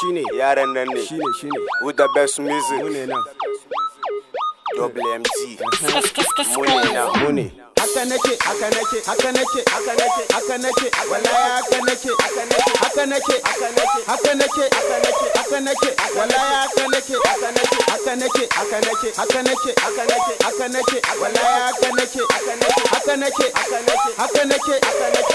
shine yaran nan ne shine shine who the best music ne nan double mg mune na mune haka nake haka nake haka nake haka nake haka nake wallahi haka nake haka nake haka nake haka nake haka nake haka nake haka nake wallahi haka nake haka nake haka nake haka nake haka nake haka nake wallahi haka nake haka nake haka nake haka nake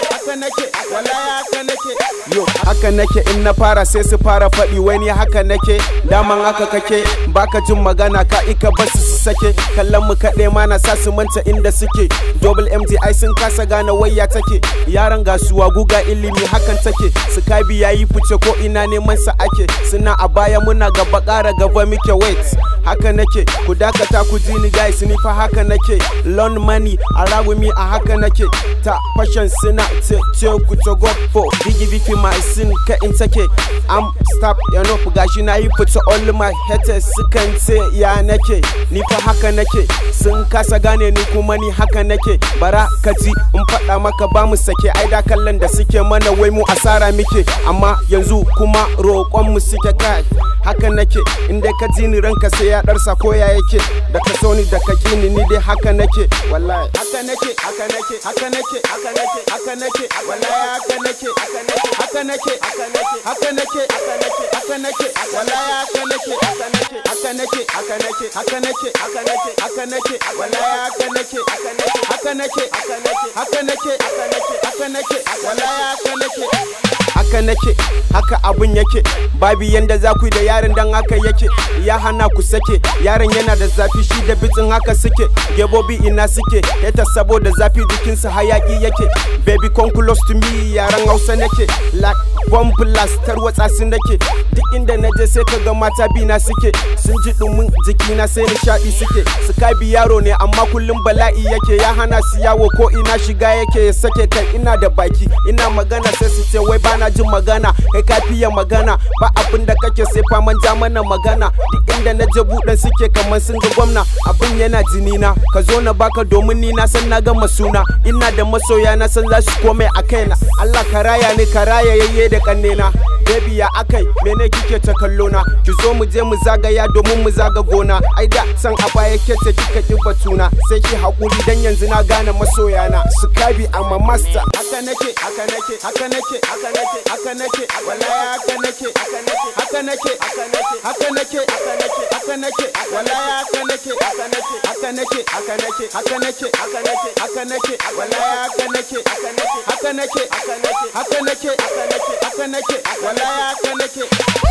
haka haka nake yo haka nake in na fara sai su fara faɗi wani haka nake daman haka kake baka jin magana ka ika basu su sake kallon mu kaɗai ma na sa su manta inda suke double mdi sun kasa gane waya take yaran gasuwa guga ilimi hakan take su kabi yayi fice ko ina neman sa ake suna a baya muna gaba ƙara gaba muke wait haka nake ku dakata ku ji ni guys ni fa haka nake loan money a ragumi a haka nake ta fashion suna ce ce ku to go for my sin ka in take am stop ya gashi na yi fita all my haters sukan ce ya nake ni fa haka nake sun kasa gane ni kuma ni haka nake bara ka ji in fada maka ba mu sake ai da kallon da suke mana wai mu asara muke amma yanzu kuma roƙon mu suke kai haka nake inda ka ji ni ranka sai ya darsa ko ya yake da ka so ni da ka kini ni dai haka nake wallahi haka nake haka nake haka nake haka nake haka nake wallahi haka nake haka nake haka nake haka nake haka nake haka nake haka nake wallahi haka nake haka nake haka nake haka nake haka nake haka nake haka nake wallahi haka nake haka nake haka nake haka nake haka nake haka nake haka nake wallahi haka nake haka nake haka abun yake babu yanda za ku da yaren dan haka yake ya hana ku sake yaren yana da zafi shi da bitsin haka suke gebobi ina suke heta saboda zafi su hayaki yake baby come close to me yaran hausa nake like bomb blast su nake duk inda na je sai ka ga mata bi na suke sun ji dumin jikina sai nishaɗi suke su bi yaro ne amma kullum bala'i yake ya hana su yawo ko ina shiga yake ya sake kai ina da baki ina magana sai su ce wai bana kana jin magana kai ka fiye magana ba abin da kake sai faman ja mana magana duk inda na je buɗan suke kamar sun ga gwamna abin yana jini na ka zo na baka domin ni na san na gama suna ina da masoya na san za su komai a kai na. Allah ka raya ni ka raya yayye da kannena baby ya akai mene kike ta kallo na ki zo mu je mu zagaya domin mu zaga gona ai da san a baya ke ta kika ki batuna sai ki hakuri dan yanzu na gane masoya na su kabi amma master haka nake haka nake haka nake haka nake nake haka nake wallahi haka nake haka nake haka nake haka nake haka nake wallahi haka nake haka nake haka nake haka nake haka nake haka nake haka nake haka nake haka nake haka nake haka nake haka nake haka nake haka nake